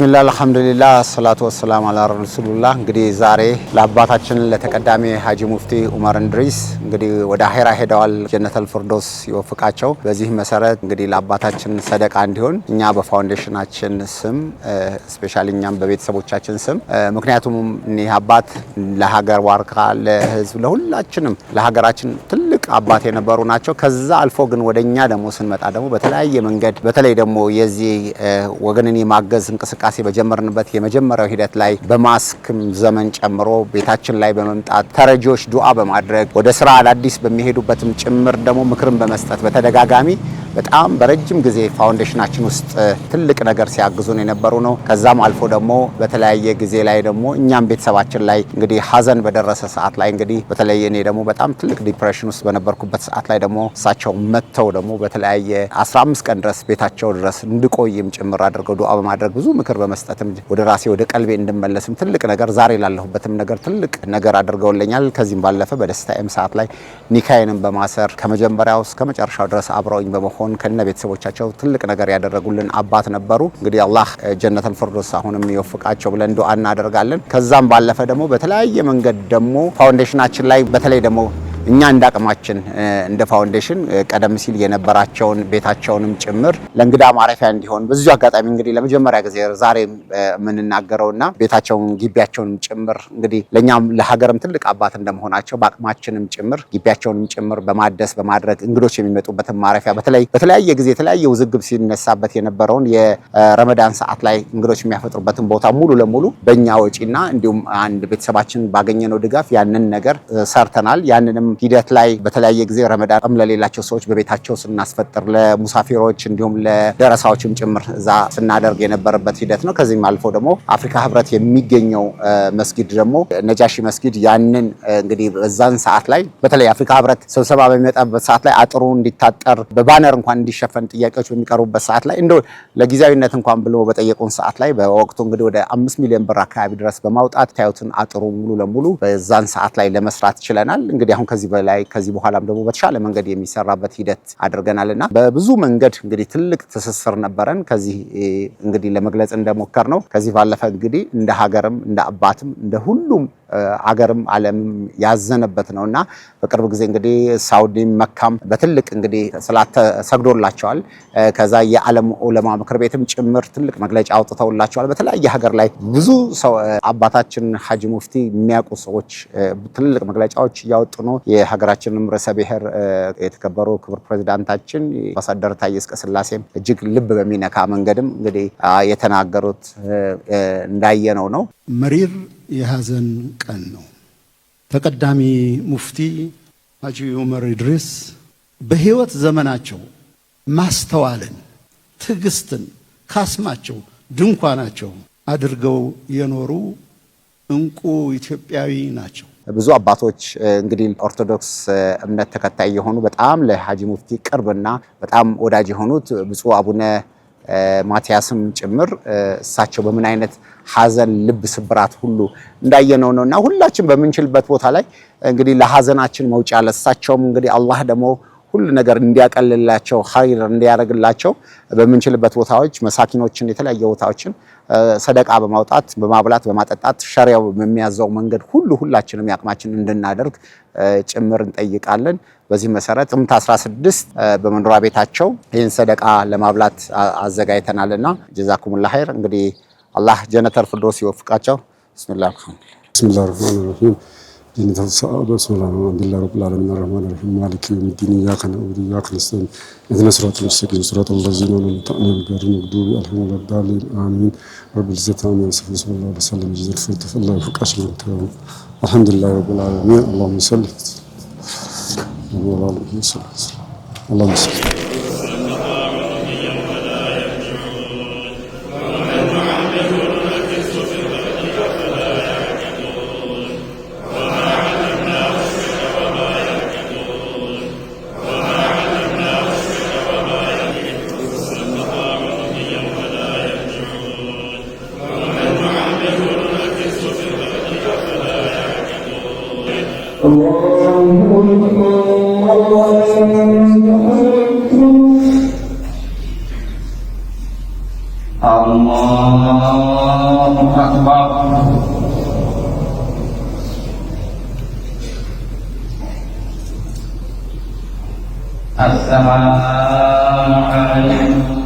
ብስሚላ አልሐምዱሊላ ሰላቱ ወሰላም አላ ረሱሉላ። እንግዲህ ዛሬ ለአባታችን ለተቀዳሚ ሀጂ ሙፍቲ ኡመር እንድሪስ እንግዲህ ወደ አሄራ ሄደዋል። ጀነተል ፍርዶስ ይወፍቃቸው። በዚህ መሰረት እንግዲህ ለአባታችን ሰደቃ እንዲሆን እኛ በፋውንዴሽናችን ስም ስፔሻሊ እኛም በቤተሰቦቻችን ስም ምክንያቱም እኒህ አባት ለሀገር ዋርካ፣ ለህዝብ፣ ለሁላችንም ለሀገራችን ትል አባት የነበሩ ናቸው። ከዛ አልፎ ግን ወደኛ ደግሞ ስንመጣ ደግሞ በተለያየ መንገድ በተለይ ደግሞ የዚህ ወገንን የማገዝ እንቅስቃሴ በጀመርንበት የመጀመሪያው ሂደት ላይ በማስክም ዘመን ጨምሮ ቤታችን ላይ በመምጣት ተረጂዎች ዱዓ በማድረግ ወደ ስራ አዳዲስ በሚሄዱበትም ጭምር ደግሞ ምክርን በመስጠት በተደጋጋሚ በጣም በረጅም ጊዜ ፋውንዴሽናችን ውስጥ ትልቅ ነገር ሲያግዙን የነበሩ ነው። ከዛም አልፎ ደግሞ በተለያየ ጊዜ ላይ ደግሞ እኛም ቤተሰባችን ላይ እንግዲህ ሀዘን በደረሰ ሰዓት ላይ እንግዲህ በተለይ እኔ ደግሞ በጣም ትልቅ ዲፕሬሽን ውስጥ በነበርኩበት ሰዓት ላይ ደግሞ እሳቸው መጥተው ደግሞ በተለያየ 15 ቀን ድረስ ቤታቸው ድረስ እንድቆይም ጭምር አድርገው ዱዓ በማድረግ ብዙ ምክር በመስጠትም ወደ ራሴ ወደ ቀልቤ እንድመለስም ትልቅ ነገር ዛሬ ላለሁበትም ነገር ትልቅ ነገር አድርገውልኛል። ከዚህም ባለፈ በደስታዬም ሰዓት ላይ ኒካዬንም በማሰር ከመጀመሪያው እስከ መጨረሻው ድረስ አብረውኝ በመሆን ከነ ቤተሰቦቻቸው ትልቅ ነገር ያደረጉልን አባት ነበሩ። እንግዲህ አላህ ጀነተል ፊርደውስ አሁንም ይወፍቃቸው ብለን ዱዓ እናደርጋለን። ከዛም ባለፈ ደግሞ በተለያየ መንገድ ደግሞ ፋውንዴሽናችን ላይ በተለይ ደግሞ እኛ እንደ አቅማችን እንደ ፋውንዴሽን ቀደም ሲል የነበራቸውን ቤታቸውንም ጭምር ለእንግዳ ማረፊያ እንዲሆን በዚሁ አጋጣሚ እንግዲህ ለመጀመሪያ ጊዜ ዛሬ የምንናገረውና ቤታቸውን ግቢያቸውንም ጭምር እንግዲህ ለእኛም ለሀገርም ትልቅ አባት እንደመሆናቸው በአቅማችንም ጭምር ግቢያቸውንም ጭምር በማደስ በማድረግ እንግዶች የሚመጡበትን ማረፊያ በተለይ በተለያየ ጊዜ የተለያየ ውዝግብ ሲነሳበት የነበረውን የረመዳን ሰዓት ላይ እንግዶች የሚያፈጥሩበትን ቦታ ሙሉ ለሙሉ በእኛ ወጪና እንዲሁም አንድ ቤተሰባችን ባገኘነው ድጋፍ ያንን ነገር ሰርተናል። ያንንም ሂደት ላይ በተለያየ ጊዜ ረመዳን ለሌላቸው ሰዎች በቤታቸው ስናስፈጥር ለሙሳፊሮች እንዲሁም ለደረሳዎችም ጭምር እዛ ስናደርግ የነበረበት ሂደት ነው። ከዚህም አልፎ ደግሞ አፍሪካ ህብረት የሚገኘው መስጊድ ደግሞ ነጃሺ መስጊድ ያንን እንግዲህ በዛን ሰዓት ላይ በተለይ አፍሪካ ህብረት ስብሰባ በሚመጣበት ሰዓት ላይ አጥሩ እንዲታጠር በባነር እንኳን እንዲሸፈን ጥያቄዎች በሚቀርቡበት ሰዓት ላይ እንደ ለጊዜያዊነት እንኳን ብሎ በጠየቁን ሰዓት ላይ በወቅቱ እንግዲህ ወደ አምስት ሚሊዮን ብር አካባቢ ድረስ በማውጣት ታዩትን አጥሩ ሙሉ ለሙሉ በዛን ሰዓት ላይ ለመስራት ችለናል። እንግዲህ አሁን ከዚህ በላይ ከዚህ በኋላም ደግሞ በተሻለ መንገድ የሚሰራበት ሂደት አድርገናል እና በብዙ መንገድ እንግዲህ ትልቅ ትስስር ነበረን። ከዚህ እንግዲህ ለመግለጽ እንደሞከር ነው ከዚህ ባለፈ እንግዲህ እንደ ሀገርም እንደ አባትም እንደ ሁሉም አገርም ዓለምም ያዘነበት ነው እና በቅርብ ጊዜ እንግዲህ ሳውዲም መካም በትልቅ እንግዲህ ስላተሰግዶላቸዋል ከዛ የዓለም ዑለማ ምክር ቤትም ጭምር ትልቅ መግለጫ አውጥተውላቸዋል። በተለያየ ሀገር ላይ ብዙ ሰው አባታችን ሀጂ ሙፍቲ የሚያውቁ ሰዎች ትልልቅ መግለጫዎች እያወጡ ነው። የሀገራችንም ርዕሰ ብሔር የተከበሩ ክብር ፕሬዚዳንታችን አምባሳደር ታዬ አጽቀሥላሴም እጅግ ልብ በሚነካ መንገድም እንግዲህ የተናገሩት እንዳየነው ነው። መሪር የሐዘን ቀን ነው። ተቀዳሚ ሙፍቲ ሐጂ ዑመር ኢድሪስ በሕይወት ዘመናቸው ማስተዋልን፣ ትዕግስትን ካስማቸው ድንኳናቸው አድርገው የኖሩ እንቁ ኢትዮጵያዊ ናቸው። ብዙ አባቶች እንግዲህ ኦርቶዶክስ እምነት ተከታይ የሆኑ በጣም ለሐጂ ሙፍቲ ቅርብና በጣም ወዳጅ የሆኑት ብፁዕ አቡነ ማቲያስም ጭምር እሳቸው በምን አይነት ሀዘን ልብ ስብራት ሁሉ እንዳየነው ነው እና ሁላችን በምንችልበት ቦታ ላይ እንግዲህ ለሀዘናችን መውጫ ለእሳቸውም እንግዲህ አላህ ደግሞ ሁሉ ነገር እንዲያቀልላቸው ኸይር እንዲያደርግላቸው በምንችልበት ቦታዎች መሳኪኖችን የተለያየ ቦታዎችን ሰደቃ በማውጣት በማብላት በማጠጣት ሸሪያው በሚያዘው መንገድ ሁሉ ሁላችንም ያቅማችን እንድናደርግ ጭምር እንጠይቃለን። በዚህ መሰረት ጥምት 16 በመኖሪያ ቤታቸው ይህን ሰደቃ ለማብላት አዘጋጅተናልና ጀዛኩሙላ ኸይር። እንግዲህ አላህ ጀነተል ፊርዶስ ይወፍቃቸው። ብስሚላ ብስሚላ يعني تنسأل رسول الله الحمد لله رب العالمين الرحمن الرحيم مالك يوم الدين إياك نعبد اياك نستعين اهدنا صراط المستقيم صراط الذين أنعمت عليهم غير المغضوب عليهم ولا الضالين آمين رب العزة عما يصفون صلى الله عليه وسلم جزاء الفرد في الله فوق أشهر الحمد لله رب العالمين اللهم صل اللهم صل اللهم صل السلام عليكم